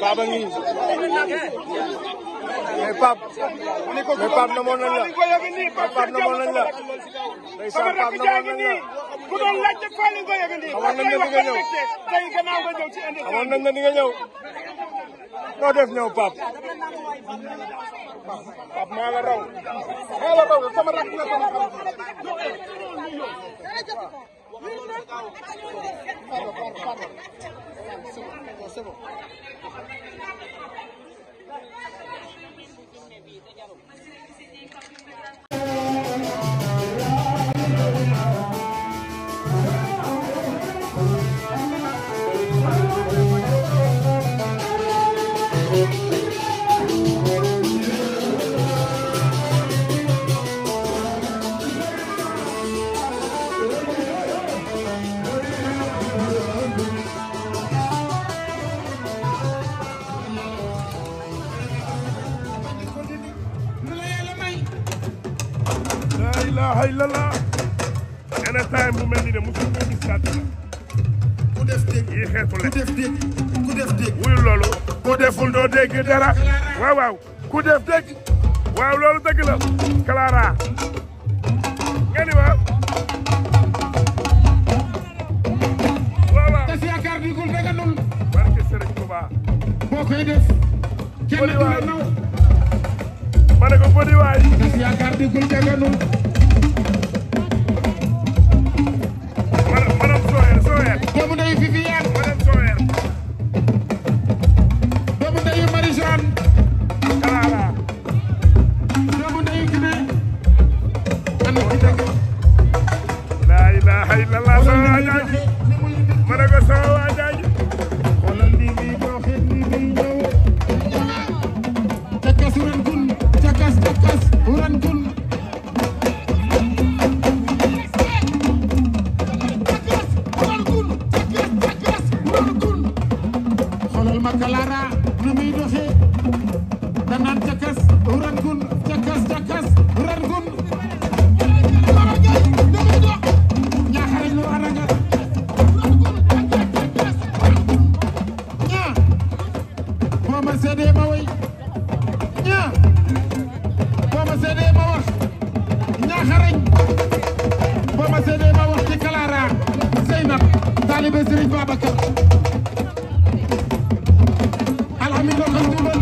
Baba ngi mais Pape mais Pape namoon nañ la mais Pape namoon nañ la ndeysaan Pape namoon nañ la ku doon laajte Fally Ngoye nga nii. xamoon nañ ne di nga ñëw tey gannaaw nga ñëw ci indi. xamoon nañ ne di nga ñëw. noo def ñëw Pape. Pape maa la raw. maa la raw sama rakk la sama xarit. c'est bon c'est bon. ilaha illallah nee na time bu mel ni de mosu ko gis saa ku def dégg yi xeetu la ku def dégg ku def dégg wuyul loolu ku deful doo dégg dara waaw waaw ku def dégg waaw loolu dëgg la Clara nga ni waaw waaw te yaakaar bi gul dëgg nul barke Serigne Touba boo koy def kenn du la naw ma ne ko bodi waay te yaakaar bi gul dëgg nul Hamidou Hamidou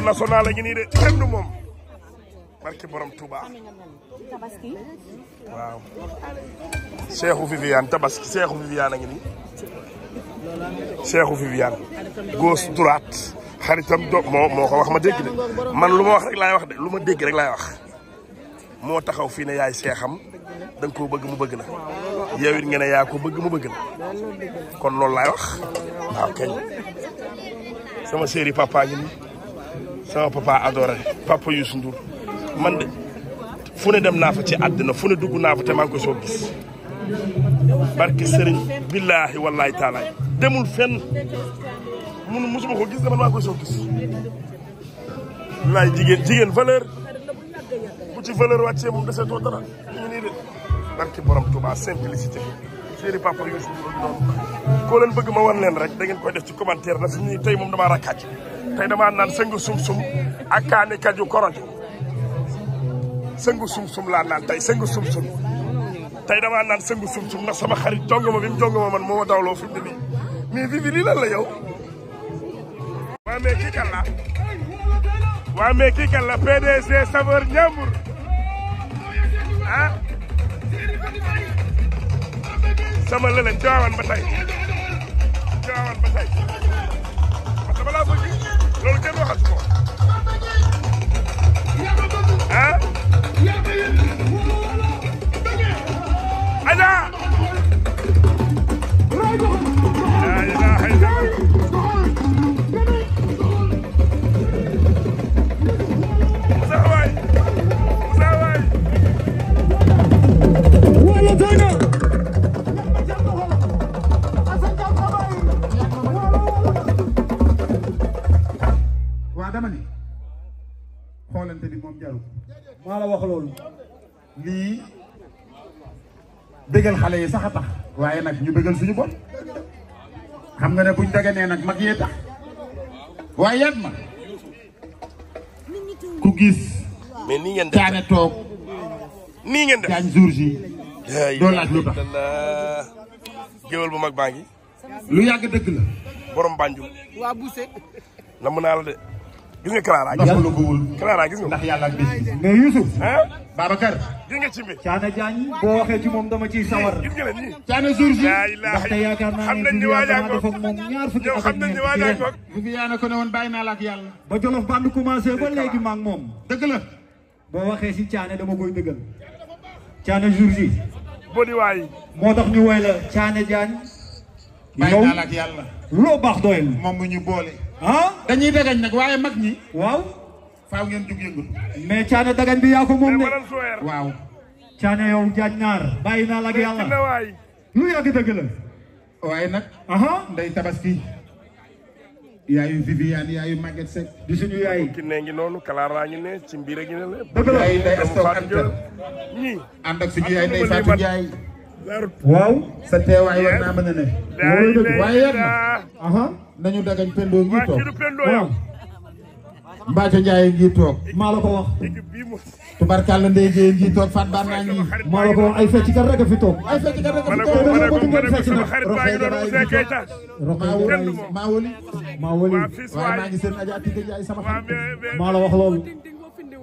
jour national la ñu nii de kenn du moom barki borom Touba waaw Cheikhou tabaski Cheikhou Viviane a ngi nii Cheikhou Viviane gauche droite xaritam do moo moo wax ma dégg de man lu ma wax rek laay wax de lu ma dégg rek laay wax moo taxaw fii ne yaay seexam da nga koo bëgg mu bëgg la yow it nga yaa ko bëgg mu bëgg la kon loolu laay wax waaw keñ sama chéri papa ngi nii sama papa adoré papa Youssou Ndour man de fu dem naa fa ci àddina fu dugg naa maa ngi ko soo gis barke Serigne billaahi wallaahi taalaay demul fenn mun musuma ko gis dama maa ngi soo gis wallaay jigéen jigéen valeur bu ci valeur wàccee moom deseetoo dara ñu nii de barke borom Touba simplicité seeni papa Youssou bëgg ma wan neen rek da ngeen koy def ci commentaire na fi ñuy tey moom damaa rakkaaj tey dama naan sëngu sum-sum ak kaani kaju korojo sëngu sum-sum laa naan tey sëngu sum tey dama naan sëngu sum-sum sama xarit jongoma bi mu jongoma ma dawloo fi mu ne mais vivi lii lan la yow waa mais kii kan la waa mais kii ah? sama lële jaawan ba loolu kenn waxatu ko ah. Aja. la wax xale yi sax waaye nag ñu bëggal suñu bopp xam nga ne buñ daganee nag mag yee tax waaye yat ma ku gis. mais nii ngeen def caane toog. nii ngeen def caañ jour ji. doo lu tax. géwél bu mag baa ngi. lu yàgg dëgg la. borom Banjul. waa Bousse. la de. gis nga Clara gis nga Clara gis nga. ndax yàlla ak bés bi. mais Youssouf. Babacar. gis nga Cimbe. Caana Diagne boo waxee ci moom dama ciy sawar. gis nga leen nii. Caana Zour yaakaar naa ne Viviane damaa def ak moom ñaar fukki at ak ñeent ci ren. Viviane ko ne woon bàyyi ak yàlla. ba Jolof Band commencé ba léegi maa ngi moom. dëgg la. boo waxee ci Caana dama koy dëggal. Caana Zour si. boo di moo tax ñu woy la Caana Diagne. bàyyi naa ak yàlla yow loo baax doyel. moom mu ñu boole. ah dañuy dagañ nag waaye mag ñi. waaw. faaw ngeen jug yëngu. mais caane dagañ bi yaa ko moom de. waaw. caane yow jaañ naar. bàyyi naa la ak yàlla. lu yàgg waaye nag. ndey tabaski. yaayu Viviane yaayu Maguette Seck. di suñu yaay. ki ne ngi noonu kalaaraa ngi ne yaay ndey Fatou Ndiaye. waaw. sa teewaay war naa mën ne. waaye yàgg na. nañu dagañ pendoo ngi toog waaw Mbacco Ndiaye ngi toog maa la ko wax tubarkàlla Ndeye Dieye ngi toog Fat Ban naa ngi maa ko wax ay feccikat rek fi toog ay feccikat rek a fi toog dañoo bëgg ngeen maa woli maa woli waaye maa ngi seen Adja Atiké Ndiaye sama xarit maa la wax loolu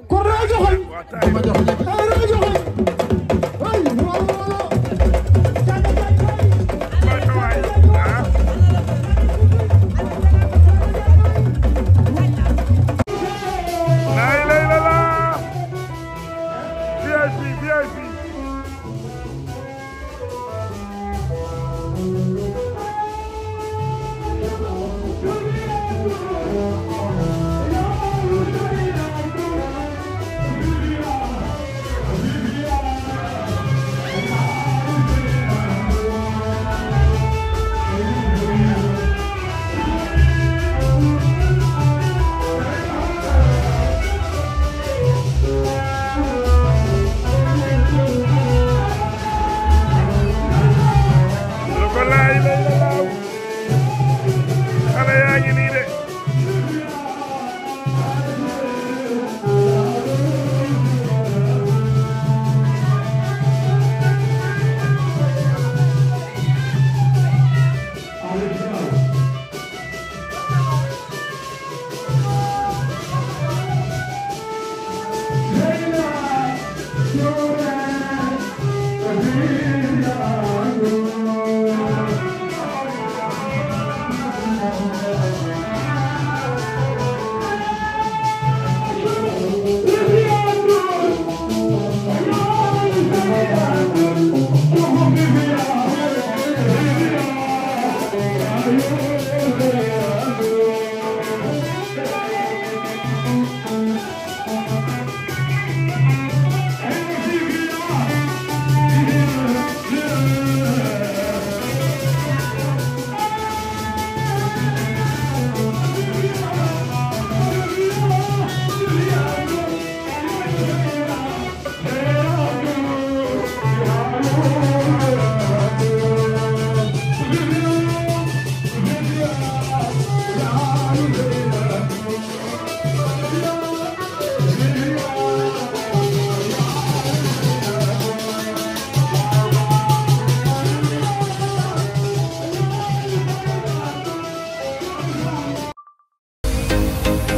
kon raa joxoñ dama joxoñ raa